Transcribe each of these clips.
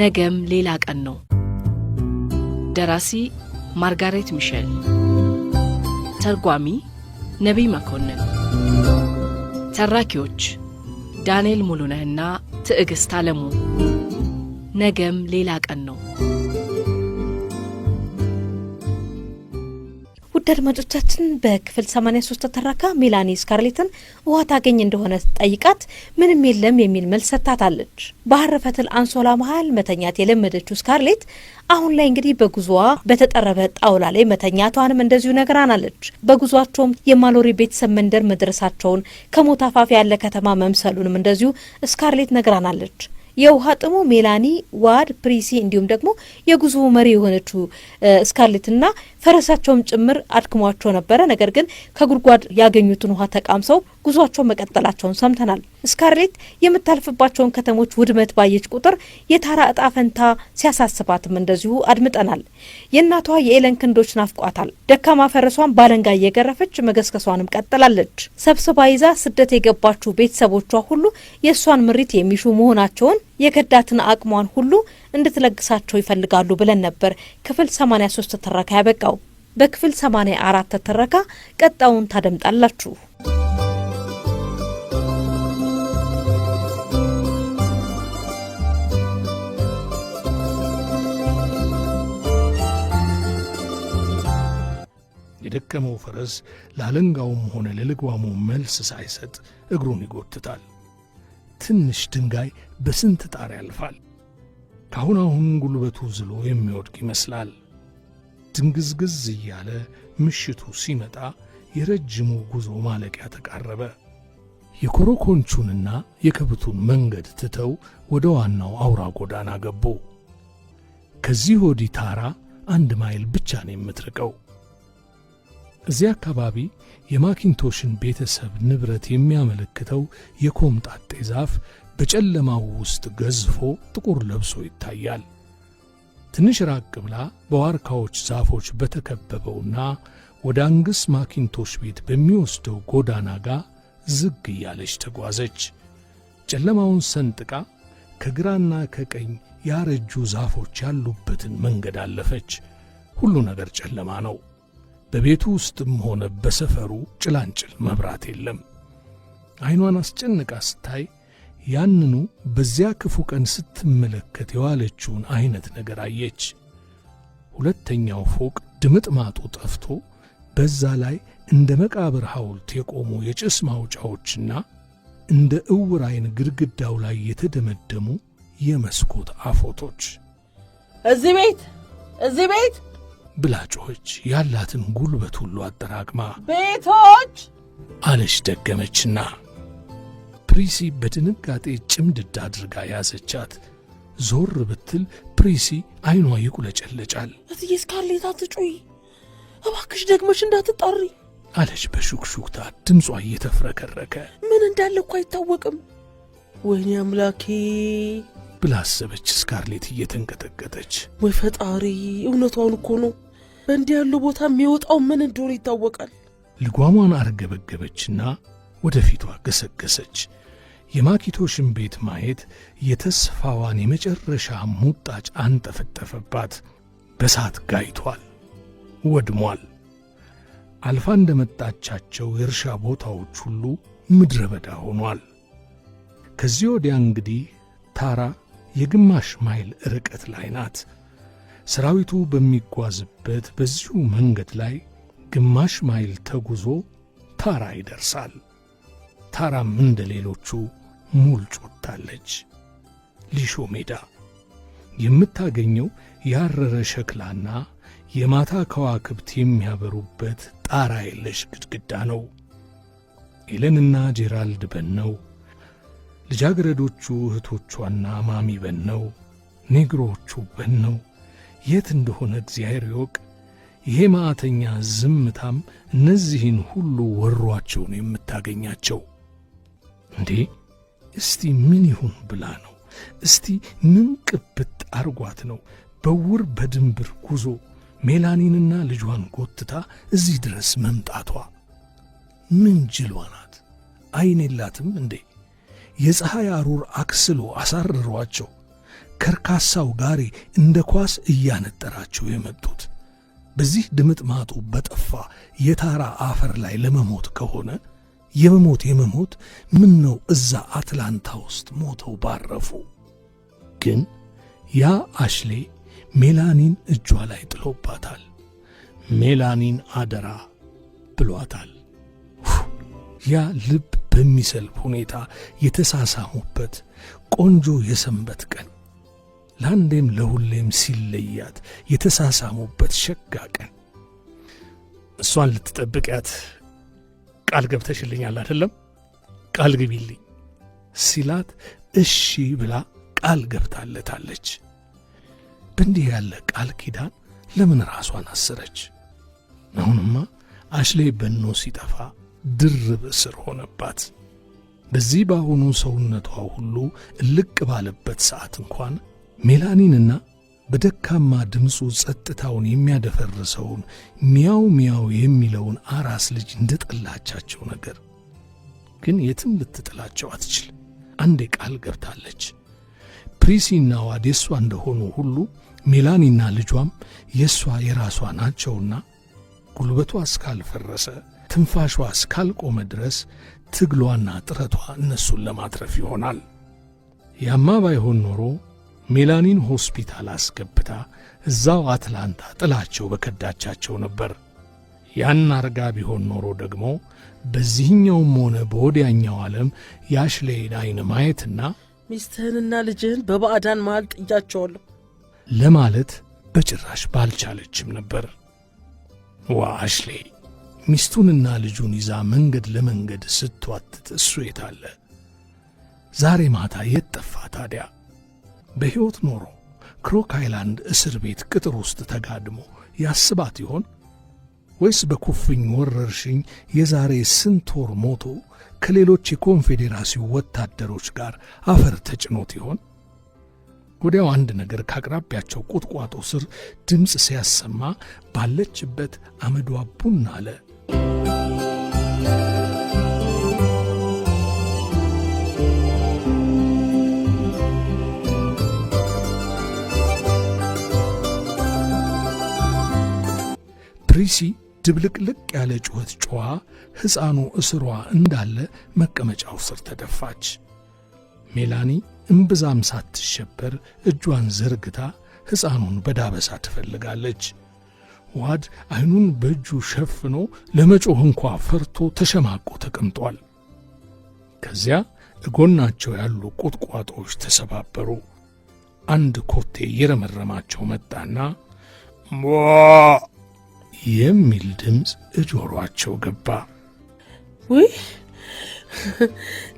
ነገም ሌላ ቀን ነው። ደራሲ ማርጋሬት ሚሸል፣ ተርጓሚ ነቢይ መኮንን፣ ተራኪዎች ዳንኤል ሙሉነህና ትዕግሥት አለሙ። ነገም ሌላ ቀን ነው። ውድ አድማጮቻችን በክፍል 83 ተተረካ ሜላኒ ስካርሌትን ውሃ ታገኝ እንደሆነ ጠይቃት ምንም የለም የሚል መልስ ሰጥታታለች። ባህር ፈትል አንሶላ መሀል መተኛት የለመደችው ስካርሌት አሁን ላይ እንግዲህ በጉዞዋ በተጠረበ ጣውላ ላይ መተኛቷንም እንደዚሁ ነግራናለች። በጉዟቸውም የማሎሪ ቤተሰብ መንደር መድረሳቸውን ከሞት አፋፍ ያለ ከተማ መምሰሉንም እንደዚሁ ስካርሌት ነግራናለች። የውሃ ጥሙ ሜላኒ ዋድ ፕሪሲ እንዲሁም ደግሞ የጉዞ መሪ የሆነችው ስካርሌትና ፈረሳቸውም ጭምር አድክሟቸው ነበረ። ነገር ግን ከጉድጓድ ያገኙትን ውሃ ተቃምሰው ጉዟቸውን መቀጠላቸውን ሰምተናል። ስካርሌት የምታልፍባቸውን ከተሞች ውድመት ባየች ቁጥር የታራ እጣ ፈንታ ሲያሳስባትም እንደዚሁ አድምጠናል። የእናቷ የኤለን ክንዶች ናፍቋታል። ደካማ ፈረሷን ባለንጋ እየገረፈች መገስከሷንም ቀጥላለች። ሰብስባ ይዛ ስደት የገባችው ቤተሰቦቿ ሁሉ የእሷን ምሪት የሚሹ መሆናቸውን የገዳትን አቅሟን ሁሉ እንድትለግሳቸው ይፈልጋሉ ብለን ነበር ክፍል 83 ትረካ ያበቃው። በክፍል 84 ትረካ ቀጣውን ታደምጣላችሁ። የደከመው ፈረስ ላለንጋውም ሆነ ለልጓሙ መልስ ሳይሰጥ እግሩን ይጎትታል። ትንሽ ድንጋይ በስንት ጣር ያልፋል። ካሁን አሁን ጉልበቱ ዝሎ የሚወድቅ ይመስላል። ድንግዝግዝ እያለ ምሽቱ ሲመጣ የረጅሙ ጉዞ ማለቂያ ተቃረበ። የኮሮኮንቹንና የከብቱን መንገድ ትተው ወደ ዋናው አውራ ጎዳና ገቡ። ከዚህ ወዲህ ታራ አንድ ማይል ብቻ ነው የምትርቀው። እዚህ አካባቢ የማኪንቶሽን ቤተሰብ ንብረት የሚያመለክተው የኮምጣጤ ዛፍ በጨለማው ውስጥ ገዝፎ ጥቁር ለብሶ ይታያል። ትንሽ ራቅ ብላ በዋርካዎች ዛፎች በተከበበውና ወደ አንግስ ማኪንቶሽ ቤት በሚወስደው ጎዳና ጋር ዝግ እያለች ተጓዘች። ጨለማውን ሰንጥቃ ከግራና ከቀኝ ያረጁ ዛፎች ያሉበትን መንገድ አለፈች። ሁሉ ነገር ጨለማ ነው። በቤቱ ውስጥም ሆነ በሰፈሩ ጭላንጭል መብራት የለም። ዐይኗን አስጨንቃ ስታይ ያንኑ በዚያ ክፉ ቀን ስትመለከት የዋለችውን ዐይነት ነገር አየች። ሁለተኛው ፎቅ ድምጥማጡ ጠፍቶ በዛ ላይ እንደ መቃብር ሐውልት የቆሙ የጭስ ማውጫዎችና እንደ እውር ዐይን ግድግዳው ላይ የተደመደሙ የመስኮት አፎቶች እዚህ ቤት እዚህ ቤት ብላጮች ያላትን ጉልበት ሁሉ አጠራቅማ ቤቶች አለች ደገመችና፣ ፕሪሲ በድንጋጤ ጭምድድ አድርጋ ያዘቻት። ዞር ብትል ፕሪሲ አይኗ ይቁለጨለጫል። እትዬ ስካርሌት አትጩይ እባክሽ፣ ደግመሽ እንዳትጣሪ አለች በሹክሹክታ ድምጿ እየተፍረከረከ። ምን እንዳለ እኮ አይታወቅም። ወይኔ አምላኬ ብላ አሰበች ስካርሌት እየተንቀጠቀጠች። ወይ ፈጣሪ፣ እውነቷን እኮ ነው። በእንዲህ ያለው ቦታ የሚወጣው ምን እንደሆነ ይታወቃል። ልጓሟን አርገበገበችና ወደፊቷ ገሰገሰች። የማኪቶሽን ቤት ማየት የተስፋዋን የመጨረሻ ሙጣጭ አንጠፈጠፈባት። በሳት ጋይቷል፣ ወድሟል። አልፋ እንደመጣቻቸው የእርሻ ቦታዎች ሁሉ ምድረ በዳ ሆኗል። ከዚህ ወዲያ እንግዲህ ታራ የግማሽ ማይል ርቀት ላይ ናት። ሰራዊቱ በሚጓዝበት በዚሁ መንገድ ላይ ግማሽ ማይል ተጉዞ ታራ ይደርሳል። ታራም እንደ ሌሎቹ ሙል ጮታለች። ሊሾ ሜዳ የምታገኘው ያረረ ሸክላና የማታ ከዋክብት የሚያበሩበት ጣራ የለሽ ግድግዳ ነው። ኤለንና ጄራልድ በነው፣ ልጃገረዶቹ እህቶቿና ማሚ በነው፣ ኔግሮዎቹ በነው የት እንደሆነ እግዚአብሔር ይወቅ። ይሄ ማዕተኛ ዝምታም እነዚህን ሁሉ ወሯቸው ነው የምታገኛቸው። እንዴ እስቲ ምን ይሁን ብላ ነው? እስቲ ምን ቅብት አርጓት ነው በውር በድንብር ጉዞ ሜላኒንና ልጇን ጎትታ እዚህ ድረስ መምጣቷ? ምን ጅሏ ናት? አይን የላትም እንዴ? የፀሐይ አሩር አክስሎ አሳርሯቸው ከርካሳው ጋሪ እንደ ኳስ እያነጠራቸው የመጡት በዚህ ድምጥ ማጡ በጠፋ የታራ አፈር ላይ ለመሞት ከሆነ የመሞት የመሞት ምን ነው እዛ አትላንታ ውስጥ ሞተው ባረፉ። ግን ያ አሽሌ ሜላኒን እጇ ላይ ጥሎባታል። ሜላኒን አደራ ብሏታል። ያ ልብ በሚሰልብ ሁኔታ የተሳሳሙበት ቆንጆ የሰንበት ቀን ለአንዴም ለሁሌም ሲለያት የተሳሳሙበት ሸጋ ቀን እሷን ልትጠብቂያት ቃል ገብተሽልኛል አይደለም? ቃል ግቢልኝ ሲላት እሺ ብላ ቃል ገብታለታለች። በእንዲህ ያለ ቃል ኪዳን ለምን ራሷን አሰረች? አሁንማ አሽሌ በኖ ሲጠፋ ድርብ እስር ሆነባት። በዚህ በአሁኑ ሰውነቷ ሁሉ እልቅ ባለበት ሰዓት እንኳን ሜላኒንና በደካማ ድምፁ ጸጥታውን የሚያደፈርሰውን ሚያው ሚያው የሚለውን አራስ ልጅ እንደጠላቻቸው ነገር ግን የትም ልትጥላቸው አትችል። አንዴ ቃል ገብታለች። ፕሪሲና ዋድ የእሷ እንደሆኑ ሁሉ ሜላኒና ልጇም የእሷ የራሷ ናቸውና ጉልበቷ እስካልፈረሰ ትንፋሿ እስካልቆመ ድረስ ትግሏና ጥረቷ እነሱን ለማትረፍ ይሆናል። ያማ ባይሆን ኖሮ ሜላኒን ሆስፒታል አስገብታ እዛው አትላንታ ጥላቸው በከዳቻቸው ነበር። ያን አርጋ ቢሆን ኖሮ ደግሞ በዚህኛውም ሆነ በወዲያኛው ዓለም የአሽሌይን ዐይን ማየትና ሚስትህንና ልጅህን በባዕዳን መሃል ጥያቸዋለሁ ለማለት በጭራሽ ባልቻለችም ነበር። ዋ አሽሌ ሚስቱንና ልጁን ይዛ መንገድ ለመንገድ ስትዋትት እሱ የታለ? ዛሬ ማታ የት ጠፋ ታዲያ? በሕይወት ኖሮ ክሮክ አይላንድ እስር ቤት ቅጥር ውስጥ ተጋድሞ ያስባት ይሆን ወይስ በኩፍኝ ወረርሽኝ የዛሬ ስንት ወር ሞቶ ከሌሎች የኮንፌዴራሲው ወታደሮች ጋር አፈር ተጭኖት ይሆን? ወዲያው አንድ ነገር ከአቅራቢያቸው ቁጥቋጦ ስር ድምፅ ሲያሰማ ባለችበት አመዷ ቡና አለ። ሪሲ ድብልቅልቅ ያለ ጩኸት ጮኋ፣ ሕፃኑ እስሯ እንዳለ መቀመጫው ስር ተደፋች። ሜላኒ እምብዛም ሳትሸበር እጇን ዘርግታ ሕፃኑን በዳበሳ ትፈልጋለች። ዋድ ዐይኑን በእጁ ሸፍኖ ለመጮህ እንኳ ፈርቶ ተሸማቆ ተቀምጧል። ከዚያ እጎናቸው ያሉ ቁጥቋጦዎች ተሰባበሩ። አንድ ኮቴ እየረመረማቸው መጣና የሚል ድምፅ እጆሯቸው ገባ። ውይ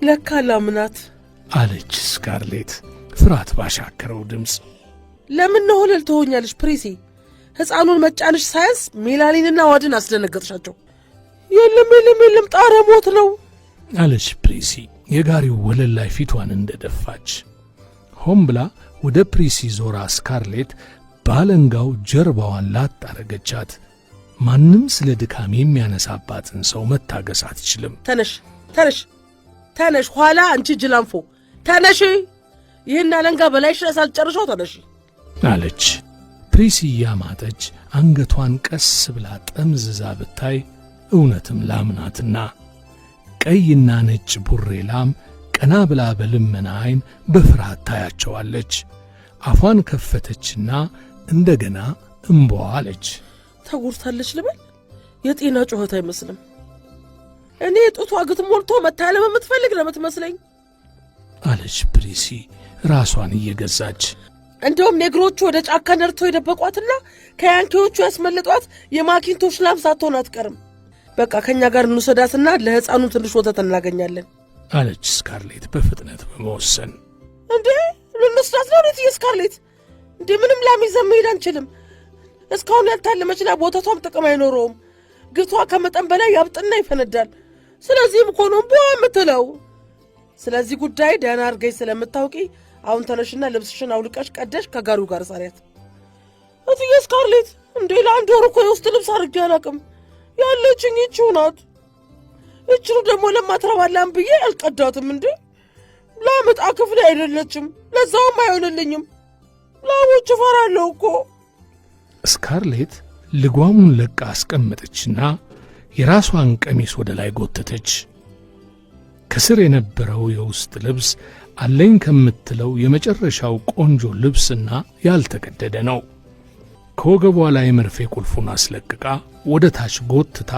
ለካ ላምናት አለች ስካርሌት ፍርሃት ባሻከረው ድምፅ። ለምን ነው ሆለል ትሆኛለሽ ፕሬሴ? ሕፃኑን መጫንሽ ሳያንስ ሜላሊንና ዋድን አስደነገጥሻቸው። የለም የለም የለም፣ ጣረ ሞት ነው አለች ፕሪሲ የጋሪው ወለል ላይ ፊቷን እንደደፋች። ሆም ብላ ወደ ፕሪሲ ዞራ ስካርሌት ባለንጋው ጀርባዋን ላጣረገቻት። ማንም ስለ ድካም የሚያነሳባትን ሰው መታገስ አትችልም። ተነሽ ተነሽ ተነሽ፣ ኋላ አንቺ ጅላንፎ ተነሽ፣ ይህን አለንጋ በላይሽ ሳልጨርሸው ተነሽ አለች። ፕሬስያ ማጠች አንገቷን ቀስ ብላ ጠምዝዛ ብታይ እውነትም ላምናትና ቀይና ነጭ ቡሬ ላም ቀና ብላ በልመና ዐይን በፍርሃት ታያቸዋለች። አፏን ከፈተችና እንደገና እምቧ አለች። ተጎድታለች ልበል? የጤና ጩኸት አይመስልም። እኔ የጡቷ ግት ሞልቶ መታለም የምትፈልግ ነው የምትመስለኝ አለች ፕሪሲ ራሷን እየገዛች። እንዲሁም ኔግሮቹ ወደ ጫካ ነርተው የደበቋትና ከያንኪዎቹ ያስመልጧት የማኪንቶሽ ላም ሳትሆን አትቀርም። በቃ ከእኛ ጋር እንውሰዳትና ለሕፃኑ ትንሽ ወተት እናገኛለን አለች ስካርሌት በፍጥነት በመወሰን። እንዴ ልንወስዳት ነው? ኔትዬ ስካርሌት፣ እንዴ ምንም ላም ይዘን መሄድ አንችልም። እስካሁን ያልታለመች ላይ ቦታቷም ጥቅም አይኖረውም። ግቷ ከመጠን በላይ ያብጥና ይፈነዳል። ስለዚህም ኮኖም ቦ የምትለው ስለዚህ ጉዳይ ደህና አድርገሽ ስለምታውቂ አሁን ተነሽና ልብስሽን አውልቀሽ ቀደሽ ከጋሪው ጋር ጻሪያት። እትዬ ስካርሌት እንዴ ለአንድ ወር እኮ የውስጥ ልብስ አድርጌ አላቅም። ያለችኝ ይቺው ናት። ደግሞ ለማትረባላም ብዬ አልቀዳትም እንዴ ለምጣ ክፍል አይደለችም። ለዛውም አይሆንልኝም። ላሞች እፈራለሁ እኮ ስካርሌት ልጓሙን ለቃ አስቀመጠችና የራሷን ቀሚስ ወደ ላይ ጎተተች። ከስር የነበረው የውስጥ ልብስ አለኝ ከምትለው የመጨረሻው ቆንጆ ልብስና ያልተቀደደ ነው። ከወገቧ ላይ መርፌ ቁልፉን አስለቅቃ ወደ ታች ጎትታ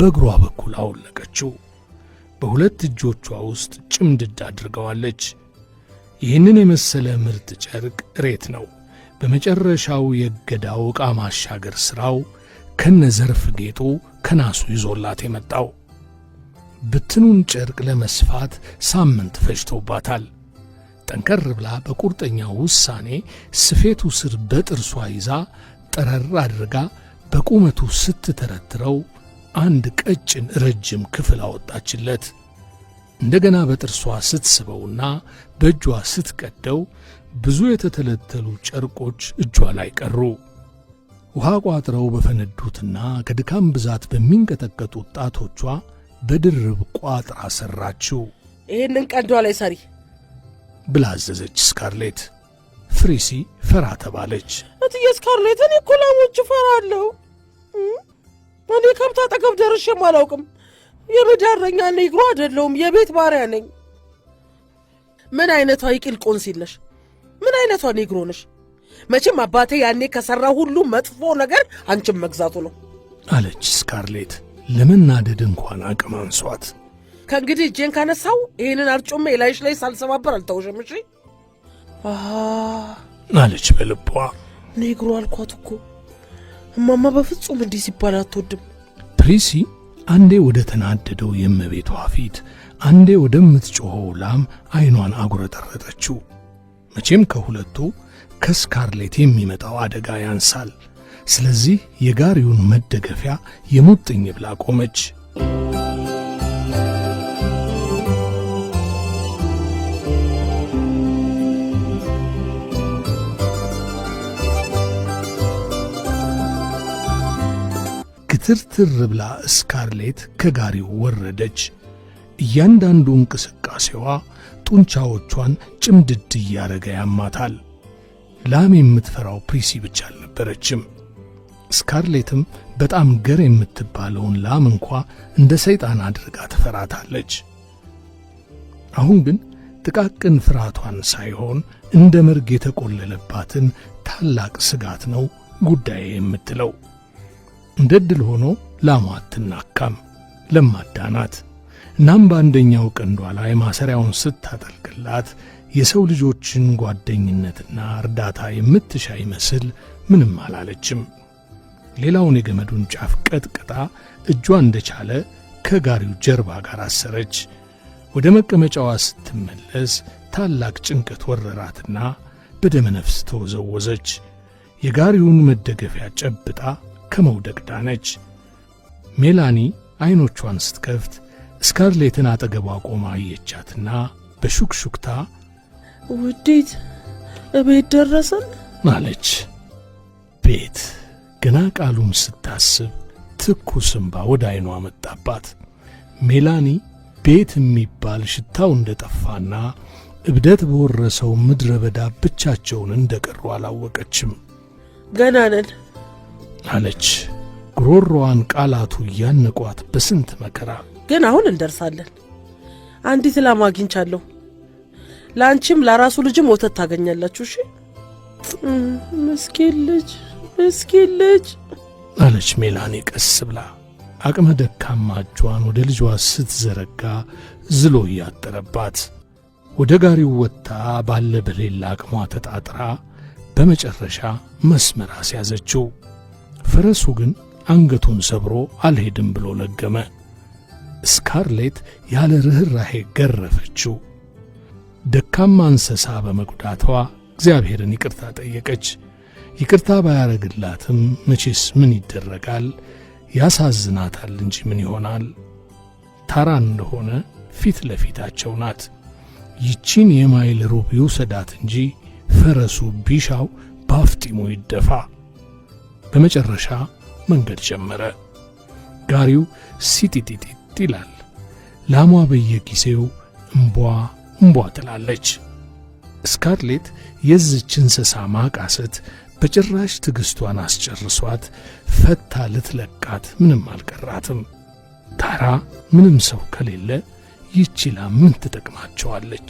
በእግሯ በኩል አወለቀችው። በሁለት እጆቿ ውስጥ ጭምድድ አድርገዋለች። ይህንን የመሰለ ምርጥ ጨርቅ ሬት ነው። በመጨረሻው የገዳው ዕቃ ማሻገር ሥራው ከነ ዘርፍ ጌጡ ከናሱ ይዞላት የመጣው ብትኑን ጨርቅ ለመስፋት ሳምንት ፈጅቶባታል። ጠንከር ብላ በቁርጠኛው ውሳኔ ስፌቱ ስር በጥርሷ ይዛ ጠረር አድርጋ በቁመቱ ስትተረትረው አንድ ቀጭን ረጅም ክፍል አወጣችለት። እንደገና በጥርሷ ስትስበውና በእጇ ስትቀደው ብዙ የተተለተሉ ጨርቆች እጇ ላይ ቀሩ። ውሃ ቋጥረው በፈነዱትና ከድካም ብዛት በሚንቀጠቀጡ ጣቶቿ በድርብ ቋጥራ ሠራችው። ይህንን ቀንዷ ላይ ሰሪ ብላ አዘዘች ስካርሌት። ፍሪሲ ፈራ ተባለች። እትዬ ስካርሌት፣ እኔ እኮ ላሞች እፈራለሁ። እኔ ከብት አጠገብ ደርሼም አላውቅም። የመዳረኛ እግሩ አይደለሁም፣ የቤት ባሪያ ነኝ። ምን አይነቷ ይቅል ቆንሲለሽ ምን አይነቷ ኔግሮ ነሽ? መቼም አባቴ ያኔ ከሠራ ሁሉ መጥፎ ነገር አንቺም መግዛቱ ነው አለች ስካርሌት ለመናደድ እንኳን አቅም አንሷት። ከእንግዲህ እጄን ካነሳው ይህንን አርጩሜ ላይሽ ላይ ሳልሰባበር አልተውሽም። እሺ አለች በልቧ። ኔግሮ አልኳት እኮ እማማ በፍጹም እንዲህ ሲባል አትወድም። ፕሪሲ አንዴ ወደ ተናደደው የእመቤቷ ፊት፣ አንዴ ወደምትጮኸው ላም አይኗን አጉረጠረጠችው። መቼም ከሁለቱ ከስካርሌት የሚመጣው አደጋ ያንሳል። ስለዚህ የጋሪውን መደገፊያ የሙጥኝ ብላ ቆመች። ግትርትር ብላ ስካርሌት ከጋሪው ወረደች። እያንዳንዱ እንቅስቃሴዋ ጡንቻዎቿን ጭምድድ እያደረገ ያማታል። ላም የምትፈራው ፕሪሲ ብቻ አልነበረችም። ስካርሌትም በጣም ገር የምትባለውን ላም እንኳ እንደ ሰይጣን አድርጋ ትፈራታለች። አሁን ግን ጥቃቅን ፍርሃቷን ሳይሆን እንደ መርግ የተቆለለባትን ታላቅ ስጋት ነው ጉዳይ የምትለው። እንደ ድል ሆኖ ላሟ አትናካም፣ ለማዳ ናት። እናም በአንደኛው ቀንዷ ላይ ማሰሪያውን ስታጠልቅላት የሰው ልጆችን ጓደኝነትና እርዳታ የምትሻ ይመስል ምንም አላለችም። ሌላውን የገመዱን ጫፍ ቀጥቅጣ እጇ እንደቻለ ከጋሪው ጀርባ ጋር አሰረች። ወደ መቀመጫዋ ስትመለስ ታላቅ ጭንቀት ወረራትና በደመነፍስ ተወዘወዘች። የጋሪውን መደገፊያ ጨብጣ ከመውደቅ ዳነች። ሜላኒ ዐይኖቿን ስትከፍት ስካርሌትን አጠገቧ ቆማ አየቻትና በሹክሹክታ ውዴት እቤት ደረሰን አለች። ቤት ገና ቃሉን ስታስብ ትኩስ እምባ ወደ ዐይኗ መጣባት። ሜላኒ ቤት የሚባል ሽታው እንደ ጠፋና እብደት በወረሰው ምድረ በዳ ብቻቸውን እንደ ቀሩ አላወቀችም። ገና ነን አለች፣ ጉሮሮዋን ቃላቱ እያነቋት በስንት መከራ ግን አሁን እንደርሳለን። አንዲት ላም አግኝቻለሁ። ለአንቺም ለራሱ ልጅም ወተት ታገኛላችሁ። እሺ። ምስኪን ልጅ፣ ምስኪን ልጅ አለች ሜላኔ ቀስ ብላ አቅመ ደካማ እጇን ወደ ልጇ ስትዘረጋ ዝሎ እያጠረባት ወደ ጋሪው ወጥታ ባለ በሌላ አቅሟ ተጣጥራ በመጨረሻ መስመር አስያዘችው። ፈረሱ ግን አንገቱን ሰብሮ አልሄድም ብሎ ለገመ። ስካርሌት ያለ ርኅራሄ ገረፈችው። ደካማ እንስሳ በመጉዳቷ እግዚአብሔርን ይቅርታ ጠየቀች። ይቅርታ ባያረግላትም መቼስ ምን ይደረጋል? ያሳዝናታል እንጂ ምን ይሆናል? ታራ እንደሆነ ፊት ለፊታቸው ናት። ይቺን የማይል ሩብ ይውሰዳት እንጂ ፈረሱ ቢሻው ባፍጢሙ ይደፋ። በመጨረሻ መንገድ ጀመረ። ጋሪው ሲጢጢጢ ይላል። ላሟ በየጊዜው እምቧ እምቧ ትላለች። ስካርሌት የዝች እንስሳ ማቃሰት በጭራሽ ትዕግሥቷን አስጨርሷት ፈታ ልትለቃት ምንም አልቀራትም። ታራ ምንም ሰው ከሌለ ይችላ ምን ትጠቅማቸዋለች?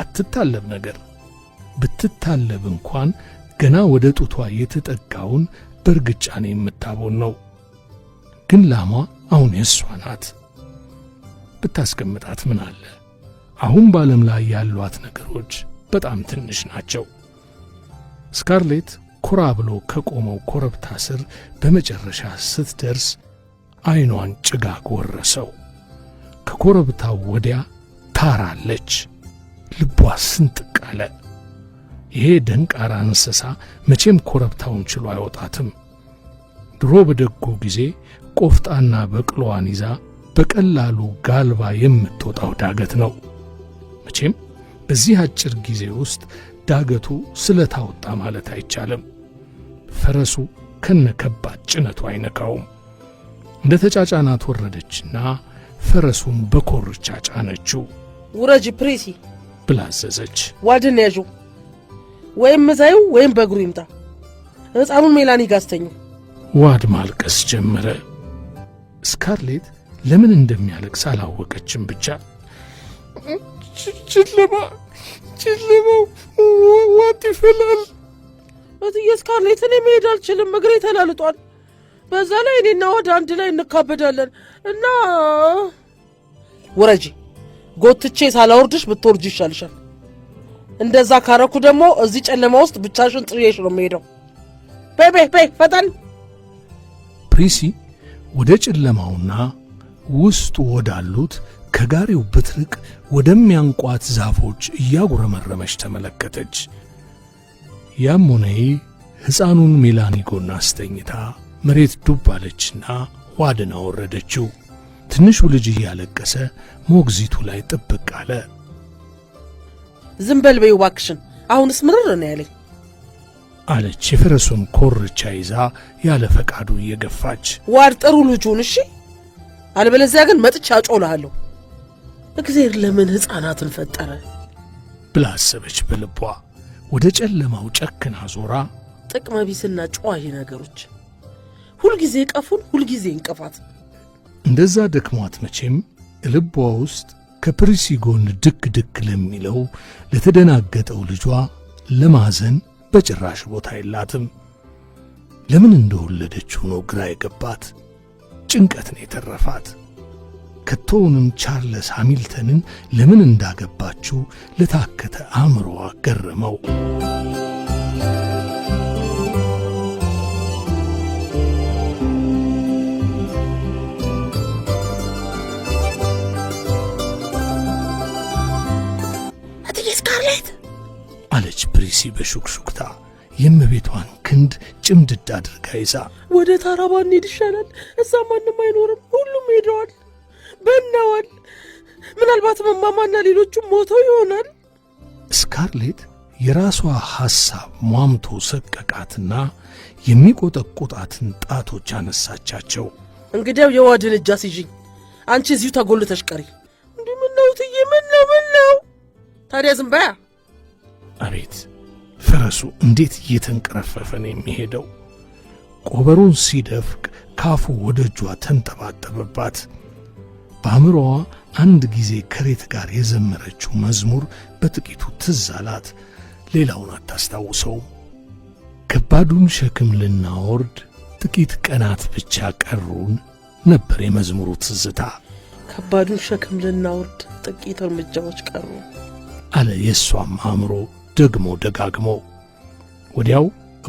አትታለብ ነገር ብትታለብ እንኳን ገና ወደ ጡቷ የተጠጋውን በእርግጫኔ የምታቦን ነው። ግን ላሟ አሁን የእሷ ናት። ብታስቀምጣት ምን አለ? አሁን በዓለም ላይ ያሏት ነገሮች በጣም ትንሽ ናቸው። ስካርሌት ኩራ ብሎ ከቆመው ኮረብታ ስር በመጨረሻ ስትደርስ አይኗን ጭጋግ ወረሰው። ከኮረብታው ወዲያ ታራለች። ልቧ ስንጥቅ አለ። ይሄ ደንቃራ እንስሳ መቼም ኮረብታውን ችሎ አይወጣትም። ድሮ በደጎ ጊዜ ቆፍጣና በቅሎዋን ይዛ በቀላሉ ጋልባ የምትወጣው ዳገት ነው። መቼም በዚህ አጭር ጊዜ ውስጥ ዳገቱ ስለታወጣ ማለት አይቻልም። ፈረሱ ከነ ከባድ ጭነቱ አይነካውም። እንደ ተጫጫናት ወረደችና ፈረሱን በኮርቻ ጫነችው። ውረጅ ፕሬሲ ብላ አዘዘች። ዋድን ያዥው፣ ወይም መዛዩ ወይም በእግሩ ይምጣ። ሕፃኑን ሜላኒ ጋስተኙ። ዋድ ማልቀስ ጀመረ። ስካርሌት ለምን እንደሚያለቅስ አላወቀችም። ብቻ ጨለማ ጨለማው ዋጥ ይፈላል። እትዬ ስካርሌት፣ እኔ መሄድ አልችልም፣ እግሬ ተላልጧል። በዛ ላይ እኔና ወደ አንድ ላይ እንካበዳለን እና ውረጂ። ጎትቼ ሳላወርድሽ ብትወርጅ ይሻልሻል። እንደዛ ካረኩ ደግሞ እዚህ ጨለማ ውስጥ ብቻሽን ጥሬሽ ነው የምሄደው። በይ በይ በይ፣ ፈጠን ፕሪሲ ወደ ጨለማውና ውስጡ ወዳሉት ከጋሪው ብትርቅ ወደሚያንቋት ዛፎች እያጉረመረመች ተመለከተች። ያም ሆነ ሕፃኑን ሜላኒ አስተኝታ መሬት ዱብ አለችና ዋድና ወረደችው። ትንሹ ልጅ እያለቀሰ ሞግዚቱ ላይ ጥብቅ አለ። ዝም በል በይ እባክሽን፣ አሁንስ ምርር ነው ያለኝ አለች የፈረሱን ኮርቻ ይዛ ያለ ፈቃዱ እየገፋች። ዋድ ጥሩ ልጁን እሺ፣ አልበለዚያ ግን መጥቻ ጮላለሁ። እግዚአብሔር ለምን ሕፃናትን ፈጠረ ብላ አሰበች በልቧ። ወደ ጨለማው ጨክና ዞራ ጥቅመ ቢስና ጨዋሂ ነገሮች፣ ሁልጊዜ ቀፉን፣ ሁልጊዜ እንቅፋት። እንደዛ ደክሟት መቼም ልቧ ውስጥ ከፕሪሲ ጎን ድክ ድክ ለሚለው ለተደናገጠው ልጇ ለማዘን በጭራሽ ቦታ የላትም። ለምን እንደወለደች ሆኖ ግራ የገባት። ጭንቀት ነው የተረፋት። ከቶውንም ቻርለስ ሃሚልተንን ለምን እንዳገባችው ለታከተ አእምሮዋ ገረመው። ሲሲ በሹክሹክታ የእመቤቷን ክንድ ጭምድድ አድርጋ ይዛ ወደ ታራባ እንሄድ ይሻላል፣ እዛ ማንም አይኖርም፣ ሁሉም ሄደዋል፣ በናዋል። ምናልባት መማማና ሌሎቹም ሞተው ይሆናል። ስካርሌት የራሷ ሐሳብ ሟምቶ ሰቀቃትና የሚቆጠቁጣትን ጣቶች አነሳቻቸው። እንግዲያው የዋድን እጃ ሲዥኝ አንቺ እዚሁ ተጎልተሽ ቀሪ። እንዲህ ምነው ትዬ፣ ምነው ምነው ታዲያ ዝም በያ። አቤት ፈረሱ እንዴት እየተንቀረፈፈ ነው የሚሄደው። ቆበሩን ሲደፍቅ ካፉ ወደ እጇ ተንጠባጠበባት። በአእምሮዋ አንድ ጊዜ ከሬት ጋር የዘመረችው መዝሙር በጥቂቱ ትዝ አላት። ሌላውን አታስታውሰውም። ከባዱን ሸክም ልናወርድ ጥቂት ቀናት ብቻ ቀሩን ነበር የመዝሙሩ ትዝታ። ከባዱን ሸክም ልናወርድ ጥቂት እርምጃዎች ቀሩ አለ የእሷም አእምሮ። ደግሞ ደጋግሞ። ወዲያው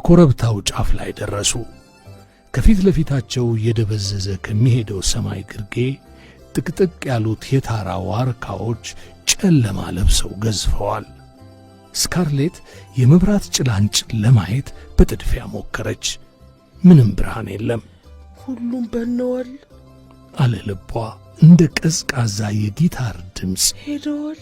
ኮረብታው ጫፍ ላይ ደረሱ። ከፊት ለፊታቸው እየደበዘዘ ከሚሄደው ሰማይ ግርጌ ጥቅጥቅ ያሉት የታራ ዋርካዎች ጨለማ ለብሰው ገዝፈዋል። ስካርሌት የመብራት ጭላንጭል ለማየት በጥድፊያ ሞከረች። ምንም ብርሃን የለም። ሁሉም በነዋል አለ ልቧ። እንደ ቀዝቃዛ የጊታር ድምፅ ሄደዋል።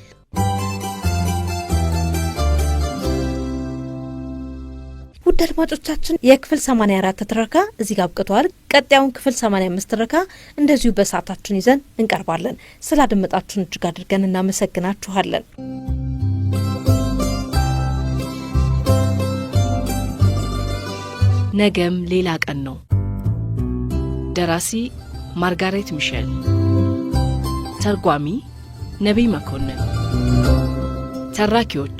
ውድ አድማጮቻችን የክፍል 84 ትረካ እዚህ ጋር አብቅቷል። ቀጣዩን ክፍል 85 ትረካ እንደዚሁ በሰዓታችን ይዘን እንቀርባለን። ስላደመጣችሁን እጅግ አድርገን እናመሰግናችኋለን። ነገም ሌላ ቀን ነው። ደራሲ ማርጋሬት ሚሼል፣ ተርጓሚ ነቢይ መኮንን፣ ተራኪዎች